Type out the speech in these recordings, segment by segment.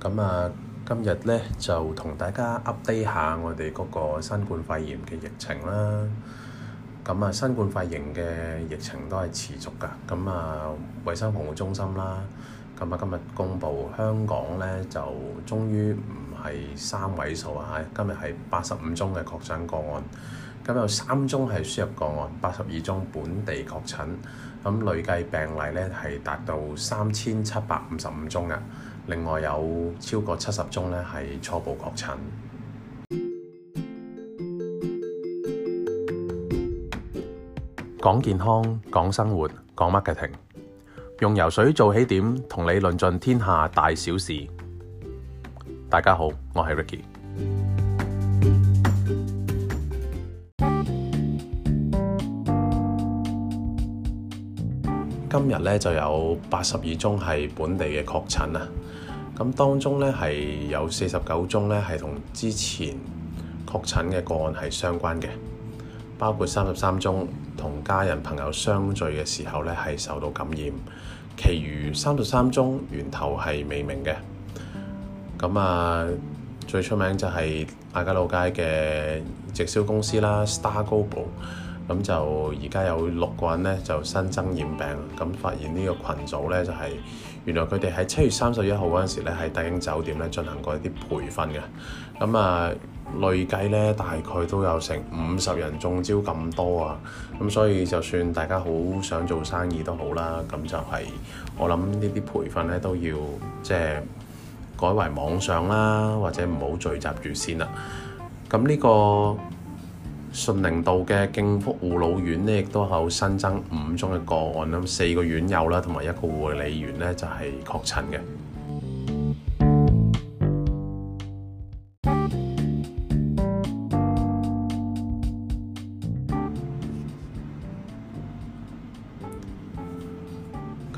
咁啊，今日咧就同大家 update 下我哋嗰個新冠肺炎嘅疫情啦。咁啊，新冠肺炎嘅疫情都係持續噶。咁啊，衞生防護中心啦，咁啊，今日公布香港咧就終於唔係三位數啊，今日係八十五宗嘅確診個案，咁有三宗係輸入個案，八十二宗本地確診，咁累計病例咧係達到三千七百五十五宗噶！另外有超過七十宗呢，係初步確診。講健康，講生活，講 marketing，用游水做起點，同你論盡天下大小事。大家好，我係 Ricky。今日呢，就有八十二宗係本地嘅確診啊！咁當中咧係有四十九宗咧係同之前確診嘅個案係相關嘅，包括三十三宗同家人朋友相聚嘅時候咧係受到感染，其餘三十三宗源頭係未明嘅。咁啊，最出名就係亞皆老街嘅直銷公司啦，Star Global。咁就而家有六個人咧，就新增染病啦。咁發現呢個群組咧、就係，就係原來佢哋喺七月三十一號嗰陣時咧，喺帝景酒店咧進行過一啲培訓嘅。咁啊，累計咧大概都有成五十人中招咁多啊。咁所以就算大家好想做生意都好啦，咁就係、係、我諗呢啲培訓咧都要即係、就係、改為網上啦，或者唔好聚集住先啦。咁呢、呢個。順寧道嘅敬福護老院呢，亦都有新增五宗嘅個案。咁，四個院友啦，同埋一個護理員呢，就係確診嘅。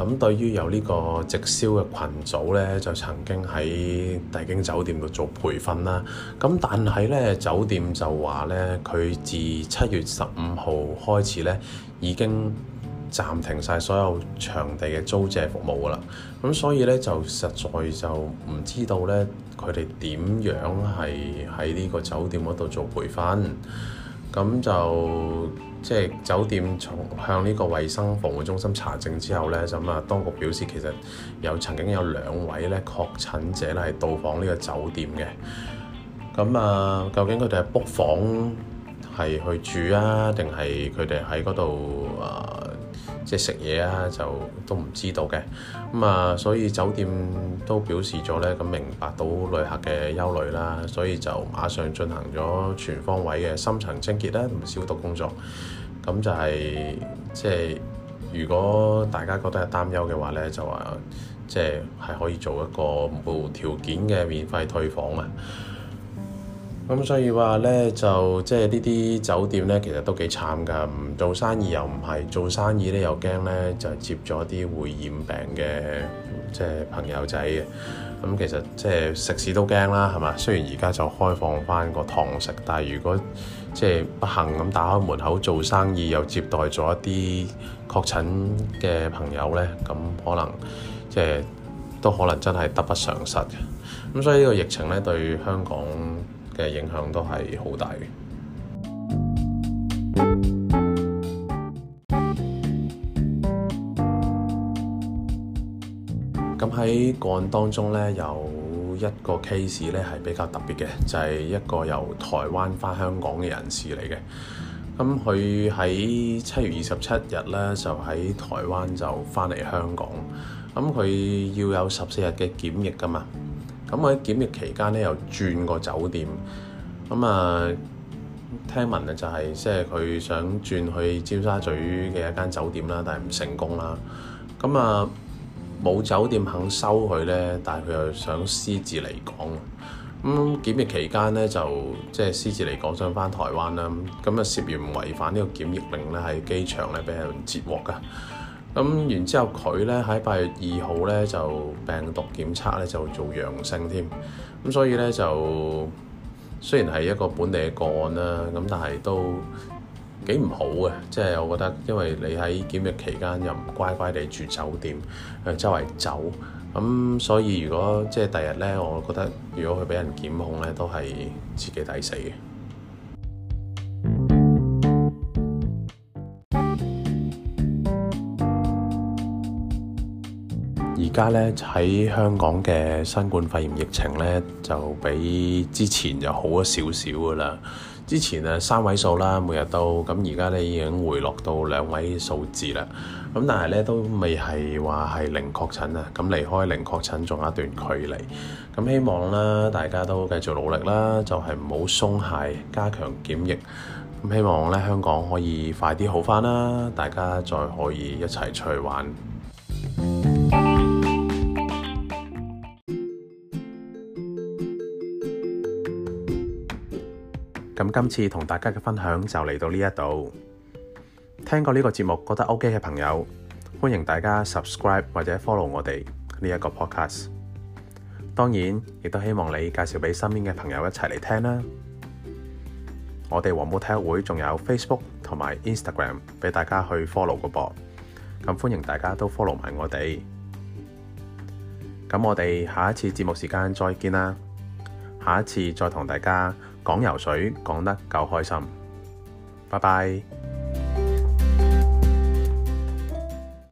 咁對於有呢個直銷嘅群組呢，就曾經喺帝京酒店度做培訓啦。咁但係呢，酒店就話呢，佢自七月十五號開始呢，已經暫停晒所有場地嘅租借服務㗎啦。咁所以呢，就實在就唔知道呢，佢哋點樣係喺呢個酒店嗰度做培訓，咁就。即係酒店從向呢個衛生防護中心查證之後咧，咁、就、啊、是，當局表示其實有曾經有兩位咧確診者咧係到訪呢個酒店嘅。咁啊，究竟佢哋係 book 房係去住啊，定係佢哋喺嗰度？呃即係食嘢啊，就都唔知道嘅，咁啊，所以酒店都表示咗呢，咁明白到旅客嘅憂慮啦，所以就馬上進行咗全方位嘅深層清潔啦同消毒工作，咁就係、是、即係如果大家覺得有擔憂嘅話呢，就話即係係可以做一個無條件嘅免費退房啊。咁所以話呢，就即係呢啲酒店呢，其實都幾慘㗎。唔做生意又唔係，做生意呢又驚呢，就接咗啲會染病嘅即係朋友仔。咁其實即係食肆都驚啦，係嘛？雖然而家就開放翻個堂食，但係如果即係不幸咁打開門口做生意，又接待咗一啲確診嘅朋友呢，咁可能即係都可能真係得不償失嘅。咁所以呢個疫情呢，對香港～嘅影響都係好大嘅。咁喺個案當中呢，有一個 case 呢係比較特別嘅，就係一個由台灣返香港嘅人士嚟嘅。咁佢喺七月二十七日呢，就喺台灣就返嚟香港。咁佢要有十四日嘅檢疫㗎嘛。咁喺檢疫期間咧，又轉過酒店。咁、嗯、啊，聽聞咧就係、是，即係佢想轉去尖沙咀嘅一間酒店啦，但係唔成功啦。咁、嗯、啊，冇酒店肯收佢咧，但係佢又想私自離港。咁、嗯、檢疫期間咧，就即係私自離港想返台灣啦。咁啊、嗯，涉嫌違反呢個檢疫令咧，喺機場咧俾人截獲㗎。咁然之後呢，佢咧喺八月二號咧就病毒檢測咧就做陽性添，咁所以咧就雖然係一個本地嘅個案啦，咁但係都幾唔好嘅。即係我覺得，因為你喺檢疫期間又唔乖乖地住酒店，喺周圍走，咁所以如果即係第日咧，我覺得如果佢俾人檢控咧，都係自己抵死嘅。而家咧喺香港嘅新冠肺炎疫情咧，就比之前就好咗少少噶啦。之前啊三位數啦，每日都，咁而家咧已經回落到兩位數字啦。咁但係咧都未係話係零確診啊。咁離開零確診仲有一段距離。咁希望啦，大家都繼續努力啦，就係唔好鬆懈，加強檢疫。咁希望咧香港可以快啲好翻啦，大家再可以一齊出去玩。咁今次同大家嘅分享就嚟到呢一度，聽過呢個節目覺得 OK 嘅朋友，歡迎大家 subscribe 或者 follow 我哋呢一個 podcast。當然亦都希望你介紹俾身邊嘅朋友一齊嚟聽啦。我哋黃埔體育會仲有 Facebook 同埋 Instagram 俾大家去 follow 嘅噃，咁歡迎大家都 follow 埋我哋。咁我哋下一次節目時間再見啦，下一次再同大家，講游水講得夠開心，拜拜。